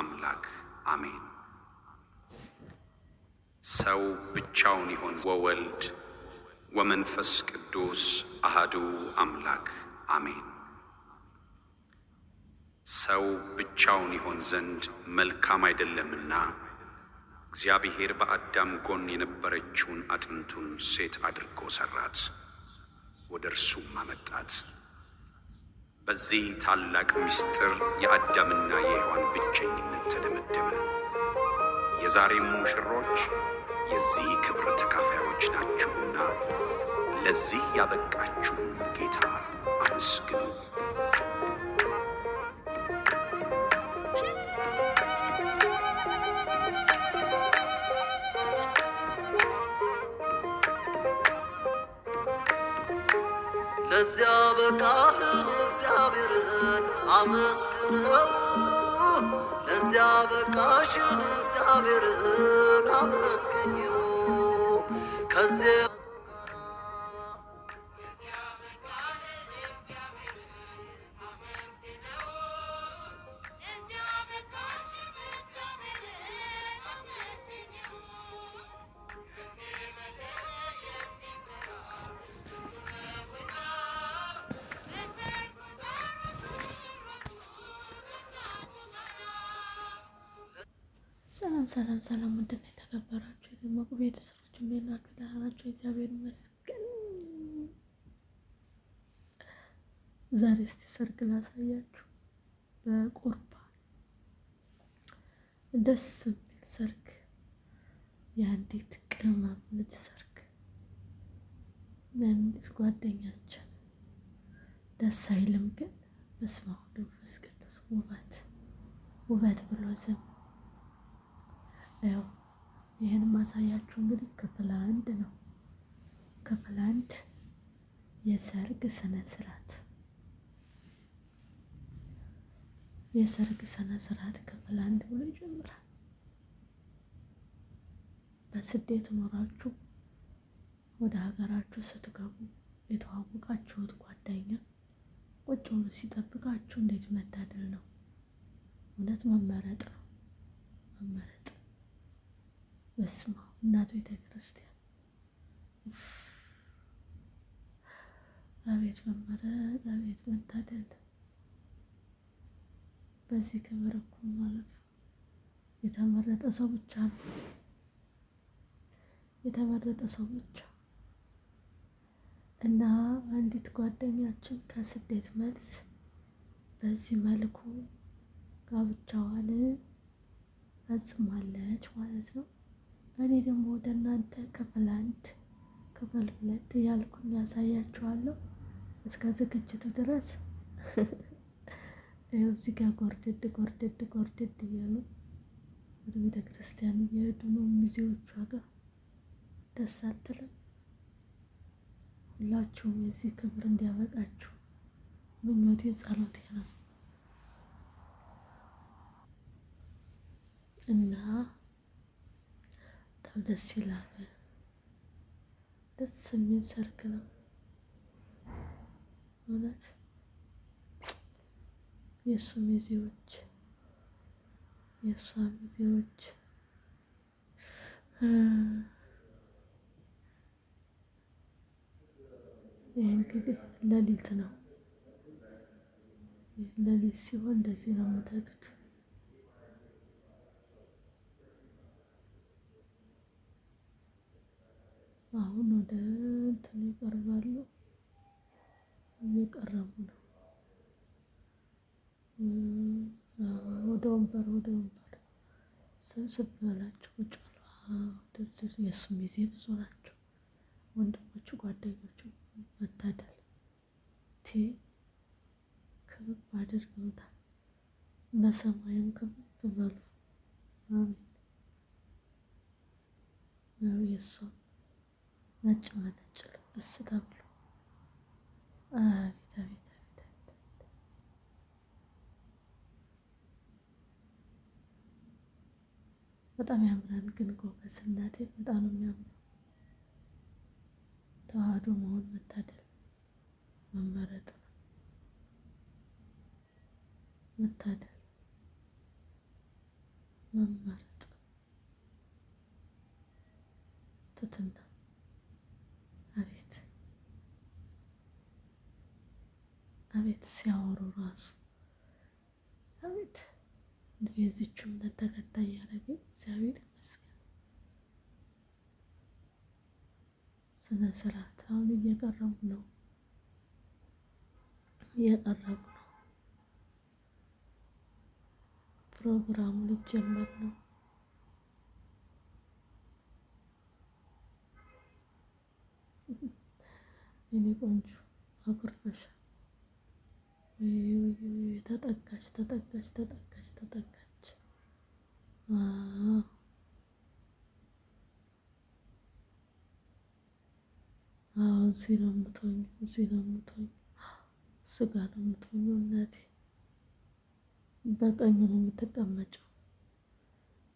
አምላክ አሜን። ሰው ብቻውን ይሆን ወወልድ ወመንፈስ ቅዱስ አህዱ አምላክ አሜን። ሰው ብቻውን ይሆን ዘንድ መልካም አይደለምና እግዚአብሔር በአዳም ጎን የነበረችውን አጥንቱን ሴት አድርጎ ሰራት፣ ወደ እርሱም አመጣት። በዚህ ታላቅ ምስጢር የአዳምና የሔዋን ብቸኝነት ተደመደመ። የዛሬም ሙሽሮች የዚህ ክብር ተካፋዮች ናችሁና ለዚህ ያበቃችሁን ጌታ አመስግኑ። ለዚያ በቃህን እግዚአብሔርን አመስግነው ለዚያ በቃሽን እግዚአብሔርን ሰላም ሰላም፣ ውድና የተከበራችሁ የሞቁ ቤተሰቦች እንዴት ናችሁ? ደህና ናችሁ? እግዚአብሔር ይመስገን። ዛሬ እስቲ ሰርግ ላሳያችሁ በቁርባ ደስ የሚል ሰርግ፣ የአንዲት ቅመም ልጅ ሰርግ፣ የአንዲት ጓደኛችን ደስ አይልም? ግን በስመ አብ ወመንፈስ ቅዱስ ውበት ውበት ብሎ ዝም ያው ይህን ማሳያችሁ እንግዲህ ክፍል አንድ ነው። ክፍል አንድ የሰርግ ስነ ስርዓት የሰርግ ስነ ስርዓት ክፍል አንድ ብሎ ይጀምራል። በስደት ኖራችሁ ወደ ሀገራችሁ ስትገቡ የተዋወቃችሁት ጓደኛ ቁጭ ብሎ ሲጠብቃችሁ እንዴት መታደል ነው! እውነት መመረጥ ነው መመረጥ በስማ እናት ቤተ ክርስቲያን አቤት መመረጥ፣ አቤት መታደል። በዚህ ክብር እኮ ማለፍ የተመረጠ ሰው ብቻ ነው። የተመረጠ ሰው ብቻ እና አንዲት ጓደኛችን ከስደት መልስ በዚህ መልኩ ጋብቻዋን ፈጽማለች ማለት ነው። እኔ ደግሞ ወደ እናንተ ክፍል አንድ ክፍል ሁለት እያልኩኝ ያሳያችኋለሁ። እስከ ዝግጅቱ ድረስ ይኸው እዚህ ጋር ጎርድድ ጎርድድ ጎርድድ እያሉ ወደ ቤተ ክርስቲያን እየሄዱ ነው። ሚዜዎቿ ጋር ደስ አትልም። ሁላችሁም የዚህ ክብር እንዲያበቃችሁ ምኞቴ ጸሎቴ ነው እና በጣም ደስ ይላል። ደስ የሚል ሰርግ ነው እውነት። የእሱ ሚዜዎች የእሷ ሚዜዎች ይህ እንግዲህ ለሊት ነው። ለሊት ሲሆን እንደዚህ ነው የምትሄዱት። አሁን ወደ እንትን ይቀርባሉ። እየቀረቡ ነው። ወደ ወንበር ወደ ወንበር ስብስብ በላቸው ቁጭ ብሏል። የእሱም ጊዜ ብዙ ናቸው። ወንድሞቹ ጓደኞቹ መታደል ቲ ክብብ አድርገውታል። በሰማይም ክብብ በሉ አሜን ነው የእሷም ነጭ መነጭ ልብስ ተብሎ አቤት አቤት በጣም ያምራል። ግን ጎበዝ እናቴ በጣም ነው የሚያምረው። ተዋህዶ መሆን መታደል መመረጥ መታደል ሲያወሩ ራሱ አቤት የዚች እምነት ተከታይ ያደረገኝ እግዚአብሔር ይመስገን። ስነ ስርዓት አሁን እየቀረቡ ነው እየቀረቡ ነው። ፕሮግራሙ ሊጀመር ነው። የኔ ቆንጆ አኩርፈሻል። ተጠጋች ተጠጋች ተጠጋች ተጠጋች። አዎ እዚህ ነው የምትሆኝው፣ እዚህ ነው የምትሆኝው፣ እሱ ጋር ነው የምትሆኝው። እናቴ በቀኝ ነው የምትቀመጨው፣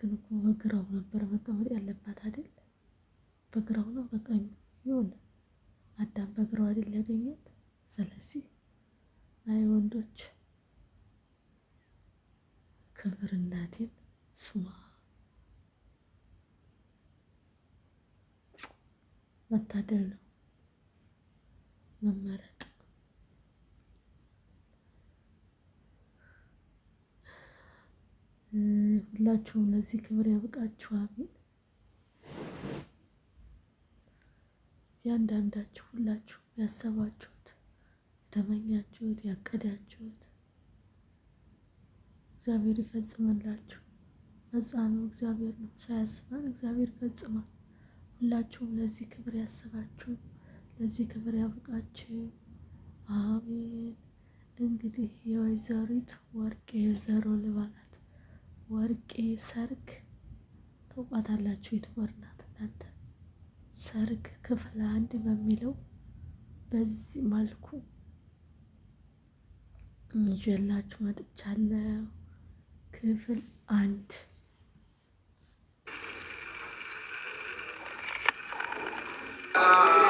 ግን እኮ በግራው ነበር መቀመጥ ያለባት አይደል? በግራው ነው በቀኝ ይሆን አዳም በግራው አይደል ያገኛት። ስለዚህ አይ ወንዶች ክብር እናቴን ስማ መታደል ነው መመረጥ። ሁላችሁም ለዚህ ክብር ያብቃችሁ። አሚን። እያንዳንዳችሁ ሁላችሁ ያሰባችሁ የተመኛችሁት ያቀዳችሁት እግዚአብሔር ይፈጽምላችሁ። ፈጻሚው እግዚአብሔር ነው። ሳያስበን እግዚአብሔር ይፈጽማል። ሁላችሁም ለዚህ ክብር ያስባችሁ፣ ለዚህ ክብር ያብቃችሁ። አሜን። እንግዲህ የወይዘሪት ወርቄ ዘሮ ልባናት ወርቄ ሰርግ ታውቋታላችሁ። የትወር ናት እናንተ ሰርግ ክፍል አንድ በሚለው በዚህ መልኩ ይዤላችሁ መጥቻለሁ። ክፍል አንድ Ah!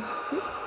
谢谢。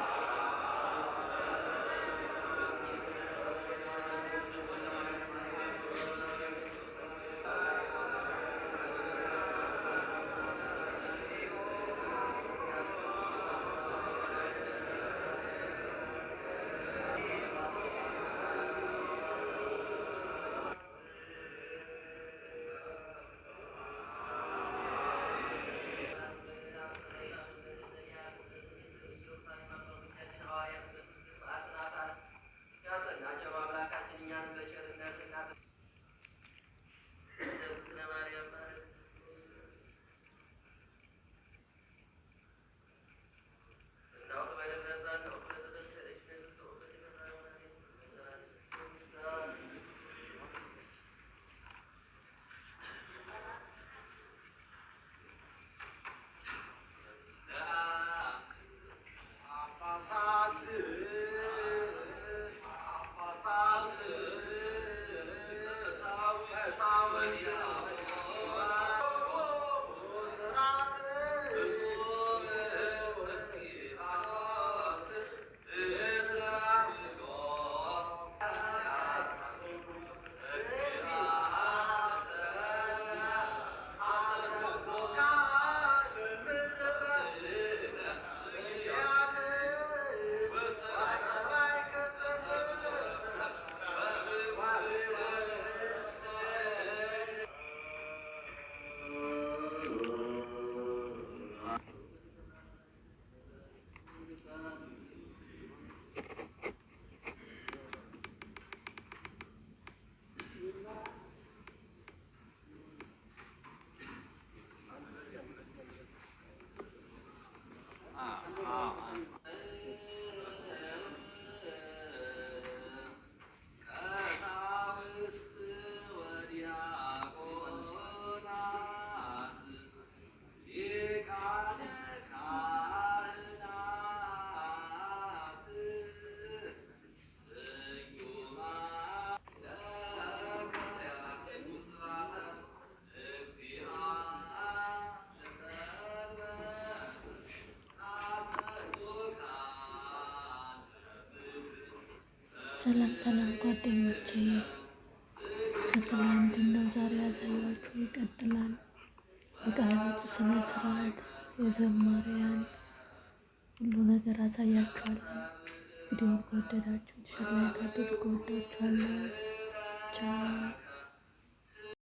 ሰላም ሰላም ጓደኞቼ ክፍል አንድን ነው ዛሬ ያሳያችሁ፣ ይቀጥላል። የቀለበቱ ስነ ስርዓት፣ የዘማሪያን ሁሉ ነገር አሳያችኋለሁ። ቪዲዮ ከወደዳችሁ ሸላካ አድርጉ። ወዳችኋለሁ። ቻው